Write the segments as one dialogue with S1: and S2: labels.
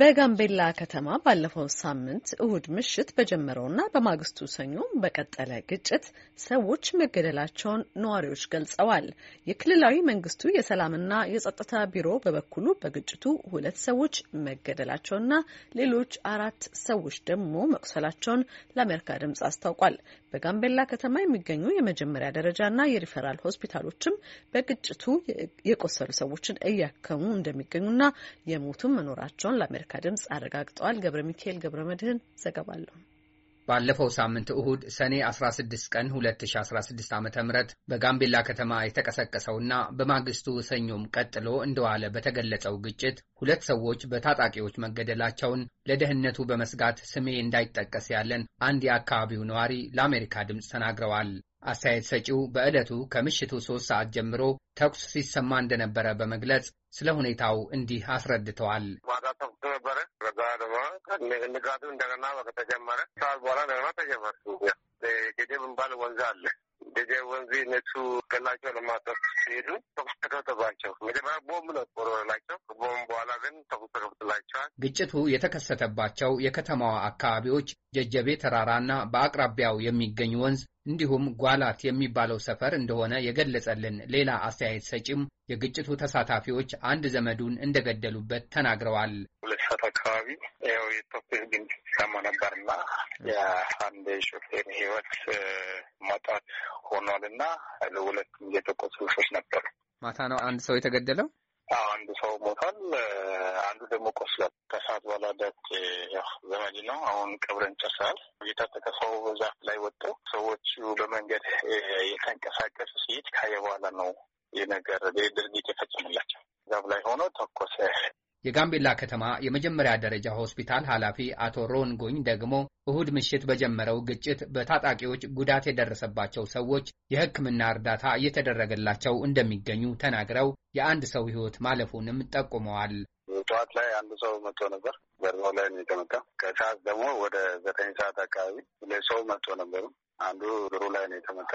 S1: በጋምቤላ ከተማ ባለፈው ሳምንት እሁድ ምሽት በጀመረውና በማግስቱ ሰኞ በቀጠለ ግጭት ሰዎች መገደላቸውን ነዋሪዎች ገልጸዋል። የክልላዊ መንግስቱ የሰላምና የጸጥታ ቢሮ በበኩሉ በግጭቱ ሁለት ሰዎች መገደላቸውና ሌሎች አራት ሰዎች ደግሞ መቁሰላቸውን ለአሜሪካ ድምጽ አስታውቋል። በጋምቤላ ከተማ የሚገኙ የመጀመሪያ ደረጃና የሪፈራል ሆስፒታሎችም በግጭቱ የቆሰሉ ሰዎችን እያከሙ እንደሚገኙና የሞቱም መኖራቸውን ለአሜሪካ ድምፅ አረጋግጠዋል። ገብረ ሚካኤል ገብረ መድህን ዘገባለሁ።
S2: ባለፈው ሳምንት እሁድ ሰኔ 16 ቀን 2016 ዓ ም በጋምቤላ ከተማ የተቀሰቀሰውና በማግስቱ ሰኞም ቀጥሎ እንደዋለ በተገለጸው ግጭት ሁለት ሰዎች በታጣቂዎች መገደላቸውን ለደህንነቱ በመስጋት ስሜ እንዳይጠቀስ ያለን አንድ የአካባቢው ነዋሪ ለአሜሪካ ድምፅ ተናግረዋል። አስተያየት ሰጪው በዕለቱ ከምሽቱ ሦስት ሰዓት ጀምሮ ተኩስ ሲሰማ እንደነበረ በመግለጽ ስለ ሁኔታው እንዲህ አስረድተዋል። ዋጋ ነበረ።
S1: ከዛ ደግሞ ንጋቱ እንደገና ከተጀመረ ሰዓት በኋላ እንደገና ተጀመረ። ጌዴ የሚባል ወንዝ አለ። ጌዴ ወንዝ እነሱ ገላቸው ለማጠፍ ሲሄዱ ተኩስ ተከፍተባቸው። መጀመሪያ ቦምብ ነበሩ ላቸው። ቦምብ በኋላ ግን ተኩስ ተከፍትላቸዋል።
S2: ግጭቱ የተከሰተባቸው የከተማዋ አካባቢዎች ጀጀቤ ተራራና በአቅራቢያው የሚገኝ ወንዝ እንዲሁም ጓላት የሚባለው ሰፈር እንደሆነ የገለጸልን ሌላ አስተያየት ሰጪም የግጭቱ ተሳታፊዎች አንድ ዘመዱን እንደገደሉበት ተናግረዋል።
S1: ሰዓት አካባቢ ያው የኢትዮጵያ ህግን ሰማ ነበር እና የአንድ ሾፌር ህይወት ማጣት ሆኗል እና ለሁለት የተቆሰሉ ሰዎች ነበሩ።
S2: ማታ ነው አንድ ሰው የተገደለው።
S1: አንድ ሰው ሞቷል፣ አንዱ ደግሞ ቆስሏል። ከሰዓት በኋላ ደት ዘመድ ነው። አሁን ቀብረን ጨርሰናል። የታጠቀ ሰው ዛፍ ላይ ወጥተው ሰዎቹ በመንገድ የተንቀሳቀሱ ሲሄድ ካየ በኋላ ነው የነገር ድርጊት የፈጸሙላቸው ዛፍ ላይ ሆኖ ተኮሰ።
S2: የጋምቤላ ከተማ የመጀመሪያ ደረጃ ሆስፒታል ኃላፊ አቶ ሮንጎኝ ደግሞ እሁድ ምሽት በጀመረው ግጭት በታጣቂዎች ጉዳት የደረሰባቸው ሰዎች የሕክምና እርዳታ እየተደረገላቸው እንደሚገኙ ተናግረው የአንድ ሰው ሕይወት ማለፉንም ጠቁመዋል። ጠዋት
S1: ላይ አንድ ሰው መጥቶ ነበር። በርባው ላይ ነው የተመታ። ከሰዓት ደግሞ ወደ ዘጠኝ ሰዓት አካባቢ ሁለት ሰው መጥቶ ነበሩ። አንዱ ድሩ ላይ ነው የተመጣ።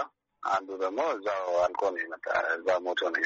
S1: አንዱ ደግሞ እዛው አልቆ ነው የመጣ እዛ ሞቶ
S2: ነው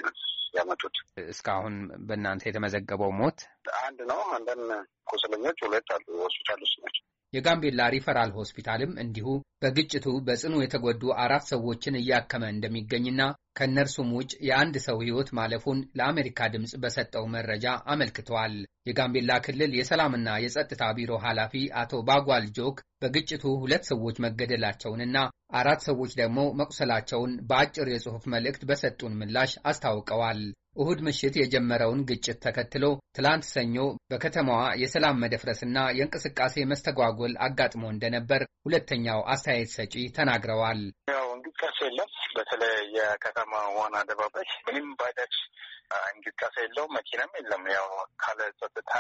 S2: ያመጡት። እስካሁን በእናንተ የተመዘገበው ሞት
S1: አንድ ነው። አንዳንድ ቁስለኞች ሁለት አሉ፣ ሆስፒታል ውስጥ ናቸው።
S2: የጋምቤላ ሪፈራል ሆስፒታልም እንዲሁ በግጭቱ በጽኑ የተጎዱ አራት ሰዎችን እያከመ እንደሚገኝና ከእነርሱም ውጭ የአንድ ሰው ሕይወት ማለፉን ለአሜሪካ ድምፅ በሰጠው መረጃ አመልክተዋል። የጋምቤላ ክልል የሰላምና የጸጥታ ቢሮ ኃላፊ አቶ ባጓል ጆክ በግጭቱ ሁለት ሰዎች መገደላቸውንና አራት ሰዎች ደግሞ መቁሰላቸውን በአጭር የጽሑፍ መልእክት በሰጡን ምላሽ አስታውቀዋል። እሁድ ምሽት የጀመረውን ግጭት ተከትሎ ትላንት ሰኞ በከተማዋ የሰላም መደፍረስና የእንቅስቃሴ መስተጓጎል አጋጥሞ እንደነበር ሁለተኛው አስተያየት ሰጪ ተናግረዋል።
S1: ያው እንቅስቃሴ የለም። በተለይ የከተማ ዋና አደባባይ ምንም ባጃጅ እንቅስቃሴ የለው፣ መኪናም የለም። ያው ካለ ጸጥታ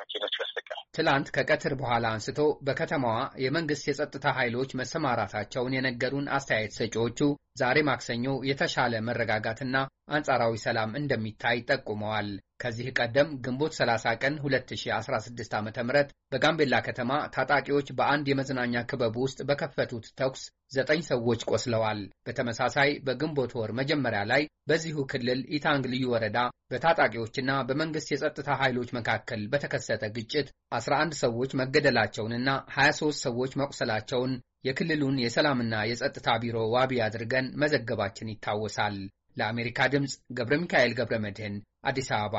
S2: መኪኖች በስተቀር ትላንት ከቀትር በኋላ አንስቶ በከተማዋ የመንግስት የጸጥታ ኃይሎች መሰማራታቸውን የነገሩን አስተያየት ሰጪዎቹ ዛሬ ማክሰኞ የተሻለ መረጋጋትና አንጻራዊ ሰላም እንደሚታይ ጠቁመዋል። ከዚህ ቀደም ግንቦት 30 ቀን 2016 ዓ ም በጋምቤላ ከተማ ታጣቂዎች በአንድ የመዝናኛ ክበብ ውስጥ በከፈቱት ተኩስ ዘጠኝ ሰዎች ቆስለዋል። በተመሳሳይ በግንቦት ወር መጀመሪያ ላይ በዚሁ ክልል ኢታንግ ልዩ ወረዳ በታጣቂዎችና በመንግስት የጸጥታ ኃይሎች መካከል በተከሰተ ግጭት 11 ሰዎች መገደላቸውንና 23 ሰዎች መቁሰላቸውን የክልሉን የሰላምና የጸጥታ ቢሮ ዋቢ አድርገን መዘገባችን ይታወሳል። ለአሜሪካ ድምፅ ገብረ ሚካኤል ገብረ መድህን አዲስ አበባ